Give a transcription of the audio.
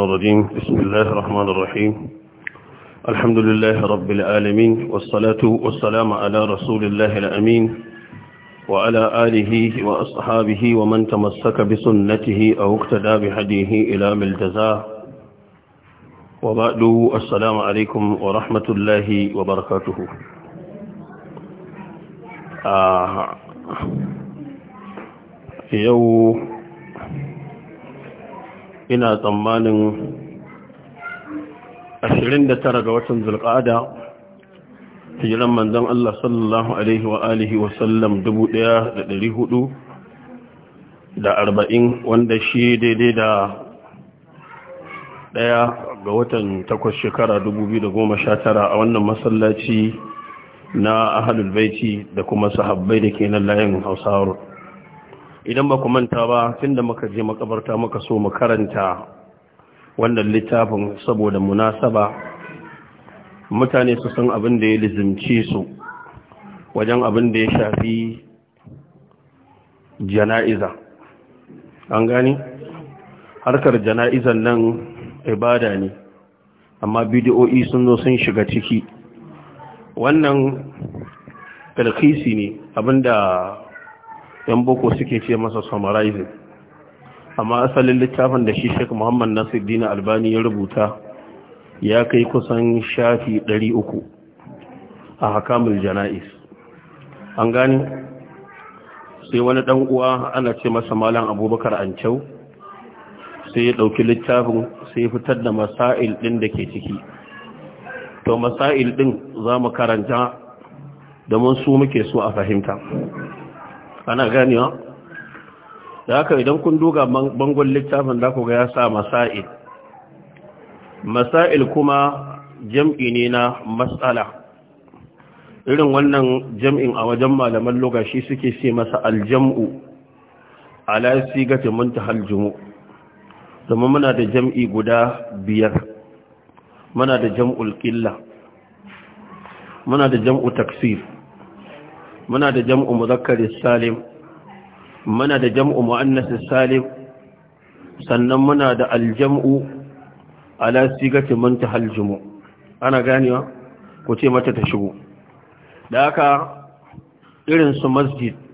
الرجيم بسم الله الرحمن الرحيم الحمد لله رب العالمين والصلاة والسلام على رسول الله الأمين وعلى آله وأصحابه ومن تمسك بسنته أو اقتدى بهديه إلى ملتزا وبعد السلام عليكم ورحمة الله وبركاته آه. يوم ina tsammanin 29 ga watan zulƙada hijiran manzon Allah sallallahu alaihi wa alihi wa sallam 1440 wanda shi daidai da daya ga watan 8 shekara 2019 a wannan masallaci na ahlul baiti da kuma sahabbai da ke nan layin hausawar idan ba ku manta ba tun da muka je makabarta muka so mu karanta wannan littafin saboda munasaba mutane su san abin da ya lizimce su wajen abin da ya shafi jana'iza an gani harkar jana'izan nan ibada ne amma bidiyoyi sun zo sun shiga ciki wannan talkisi ne abinda yan boko suke ce masa summarizing amma asalin littafin da shi Sheikh Muhammad Nasiruddin Albani ya rubuta ya kai kusan shafi 300 a hakamul jana'is an gani sai wani dan uwa ana ce masa malam Abubakar Ancau sai ya dauki littafin sai ya fitar da masail din da ke ciki to masail din zamu karanta da su muke so a fahimta ana ganewa da haka idan kun duga bangon littafin da ku ga ya sa masail masail kuma jam'i ne na matsala irin wannan jam'in a wajen malaman lokaci suke ce masa aljam'u ala sigati muntahal jumu domin muna da jam'i guda biyar muna da jam'ul qilla muna da jam'u taksir muna da jam'u muzakkari salim muna da jam'u mu'annasi salim sannan muna da aljam'u ala manta haljimu ana ganewa ku ce mata ta shigo da haka irin su masjid